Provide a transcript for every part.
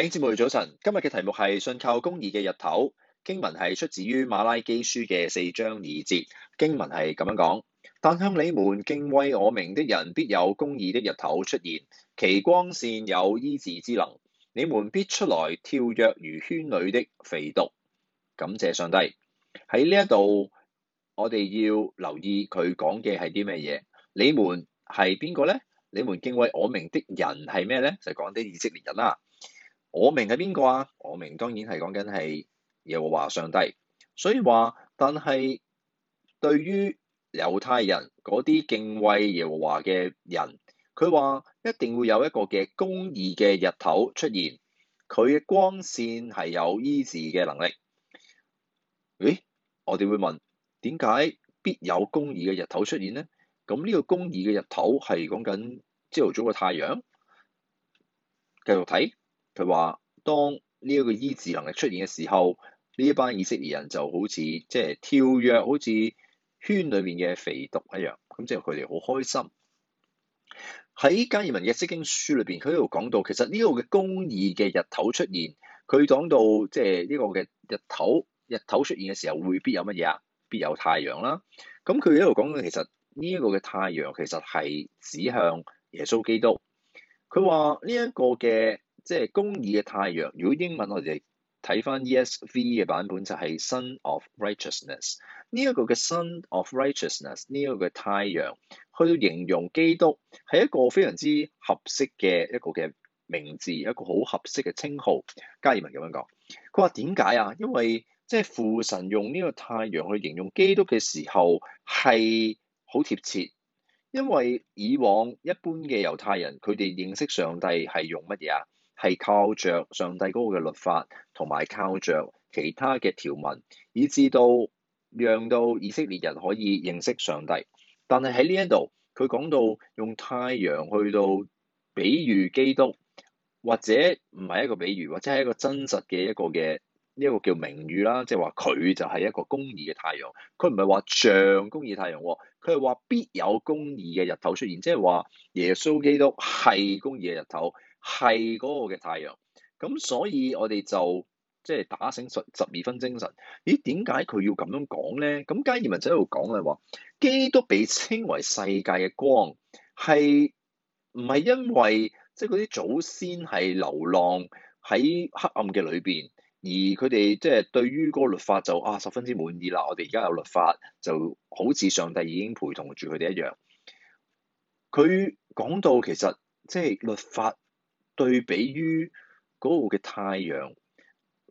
弟兄姊妹早晨，今日嘅題目係信靠公義嘅日頭。經文係出自於馬拉基書嘅四章二節。經文係咁樣講：但向你們敬畏我名的人，必有公義的日頭出現，其光線有醫治之能。你們必出來跳躍如圈裏的肥犢。」感謝上帝。喺呢一度，我哋要留意佢講嘅係啲咩嘢？你們係邊個呢？你們敬畏我名的人係咩呢？就講啲以色列人啦。我明係邊個啊？我明當然係講緊係耶和華上帝，所以話，但係對於猶太人嗰啲敬畏耶和華嘅人，佢話一定會有一個嘅公義嘅日頭出現，佢嘅光線係有醫治嘅能力。誒，我哋會問，點解必有公義嘅日頭出現呢？咁呢個公義嘅日頭係講緊朝頭早嘅太陽。繼續睇。佢話：當呢一個醫治能力出現嘅時候，呢一班以色列人就好似即係跳躍，好似圈裏邊嘅肥犢一樣。咁之後佢哋好開心。喺加爾文嘅《釋經書》裏邊，佢喺度講到，其實呢一個嘅公義嘅日頭出現，佢講到即係呢個嘅日頭，日頭出現嘅時候會必有乜嘢啊？必有太陽啦。咁佢喺度講到，其實呢一個嘅太陽其實係指向耶穌基督。佢話呢一個嘅。即係公義嘅太陽。如果英文我哋睇返 ESV 嘅版本，就係 Sun of Righteousness。呢一個嘅 Sun of Righteousness，呢一個嘅太陽去到形容基督，係一個非常之合適嘅一個嘅名字，一個好合適嘅稱號。加爾文咁樣講，佢話點解啊？因為即係父神用呢個太陽去形容基督嘅時候係好貼切，因為以往一般嘅猶太人佢哋認識上帝係用乜嘢啊？係靠着上帝嗰個嘅律法，同埋靠着其他嘅條文，以致到讓到以色列人可以認識上帝。但係喺呢一度，佢講到用太陽去到比喻基督，或者唔係一個比喻，或者係一個真實嘅一個嘅呢一個叫名語啦，即係話佢就係一個公義嘅太陽。佢唔係話像公義太陽喎，佢係話必有公義嘅日頭出現，即係話耶穌基督係公義嘅日頭。係嗰個嘅太陽，咁所以我哋就即係打醒十十二分精神。咦？點解佢要咁樣講咧？咁加爾文仔喺度講嘅話，基督被稱為世界嘅光，係唔係因為即係嗰啲祖先係流浪喺黑暗嘅裏邊，而佢哋即係對於嗰個律法就啊十分之滿意啦。我哋而家有律法，就好似上帝已經陪同住佢哋一樣。佢講到其實即係律法。對比於嗰度嘅太陽，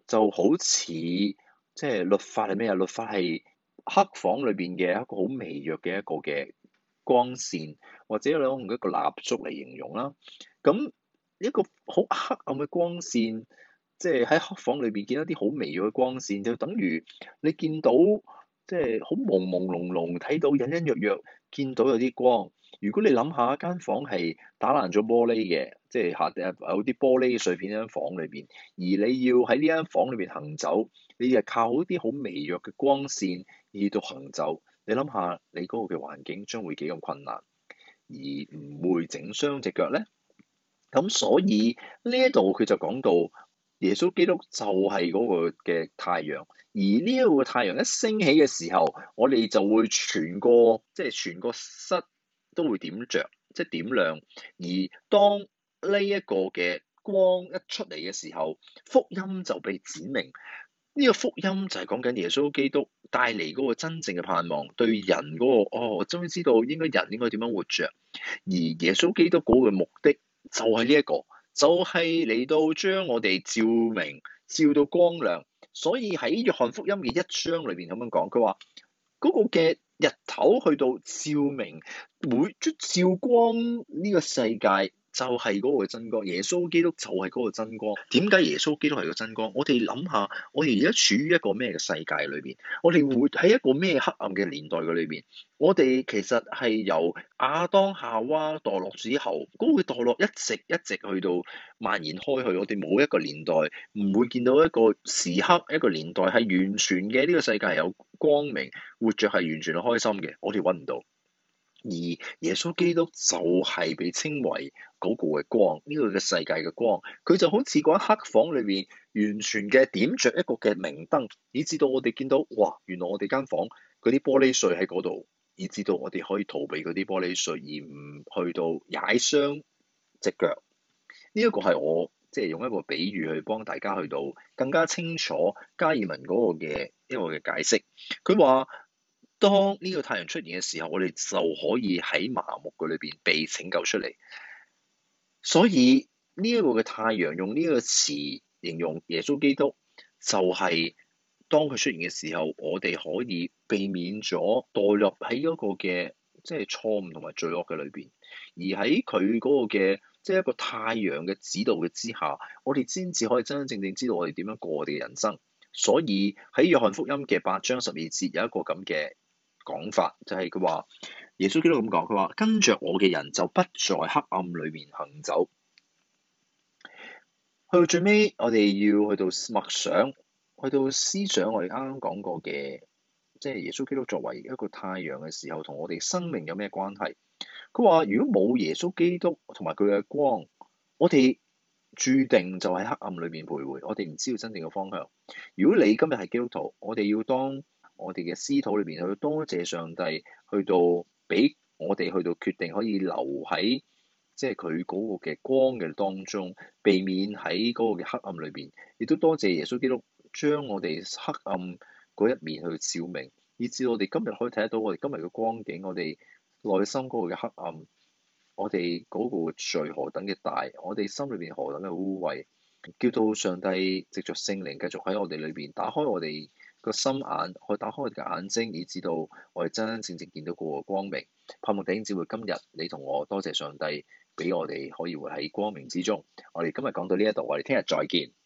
就好似即係律法係咩啊？律法係黑房裏邊嘅一個好微弱嘅一個嘅光線，或者你用一個蠟燭嚟形容啦，咁一個好黑暗嘅光線，即係喺黑房裏邊見到啲好微弱嘅光線，就等於你見到。即係好朦朦朧朧，睇到隱隱約約，見到有啲光。如果你諗下一間房係打爛咗玻璃嘅，即係下有啲玻璃碎片喺間房裏邊，而你要喺呢間房裏邊行走，你就靠好啲好微弱嘅光線而到行走。你諗下你嗰個嘅環境將會幾咁困難，而唔會整傷隻腳咧。咁所以呢一度佢就講到。耶穌基督就係嗰個嘅太陽，而呢一個太陽一升起嘅時候，我哋就會全個即係全個室都會點着，即係點亮。而當呢一個嘅光一出嚟嘅時候，福音就被指明，呢個福音就係講緊耶穌基督帶嚟嗰個真正嘅盼望，對人嗰個哦，我終於知道應該人應該點樣活著。而耶穌基督嗰個目的就係呢一個。就係嚟到將我哋照明，照到光亮，所以喺約翰福音嘅一章裏邊咁樣講，佢話嗰個嘅日頭去到照明，每出照光呢個世界。就係嗰個真光，耶穌基督就係嗰個真光。點解耶穌基督係個真光？我哋諗下，我哋而家處於一個咩嘅世界裏邊？我哋會喺一個咩黑暗嘅年代嘅裏邊？我哋其實係由亞當夏娃墮落之後，嗰個墮落一直一直去到蔓延開去。我哋冇一個年代唔會見到一個時刻一個年代係完全嘅呢個世界係有光明活著係完全開心嘅。我哋揾唔到。而耶穌基督就係被稱為嗰個嘅光，呢個嘅世界嘅光，佢就好似個黑房裏面完全嘅點着一個嘅明燈，以至到我哋見到，哇！原來我哋間房嗰啲玻璃碎喺嗰度，以至到我哋可以逃避嗰啲玻璃碎，而唔去到踩傷隻腳。呢一個係我即係用一個比喻去幫大家去到更加清楚加爾文嗰個嘅一個嘅解釋。佢話。當呢個太陽出現嘅時候，我哋就可以喺麻木嘅裏邊被拯救出嚟。所以呢一個嘅太陽用呢個詞形容耶穌基督，就係當佢出現嘅時候，我哋可以避免咗墮落喺嗰個嘅即係錯誤同埋罪惡嘅裏邊，而喺佢嗰個嘅即係一個太陽嘅指導嘅之下，我哋先至可以真真正正知道我哋點樣過我哋嘅人生。所以喺約翰福音嘅八章十二節有一個咁嘅。講法就係佢話耶穌基督咁講，佢話跟著我嘅人就不在黑暗裏面行走。去到最尾，我哋要去到默想，去到思想我哋啱啱講過嘅，即係耶穌基督作為一個太陽嘅時候，同我哋生命有咩關係？佢話如果冇耶穌基督同埋佢嘅光，我哋注定就喺黑暗裏面徘徊，我哋唔知道真正嘅方向。如果你今日係基督徒，我哋要當。我哋嘅私禱裏邊去多謝上帝，去到俾我哋去到決定可以留喺，即係佢嗰個嘅光嘅當中，避免喺嗰個嘅黑暗裏邊。亦都多謝耶穌基督將我哋黑暗嗰一面去照明，以至我哋今日可以睇得到我哋今日嘅光景。我哋內心嗰個嘅黑暗，我哋嗰個罪何等嘅大，我哋心裏邊何等嘅污穢，叫到上帝藉着聖靈繼續喺我哋裏邊打開我哋個心眼，我打開我哋嘅眼睛，以至到我哋真真正正見到嗰個光明。盼望弟兄姊妹今日你同我多謝上帝，俾我哋可以活喺光明之中。我哋今日講到呢一度，我哋聽日再見。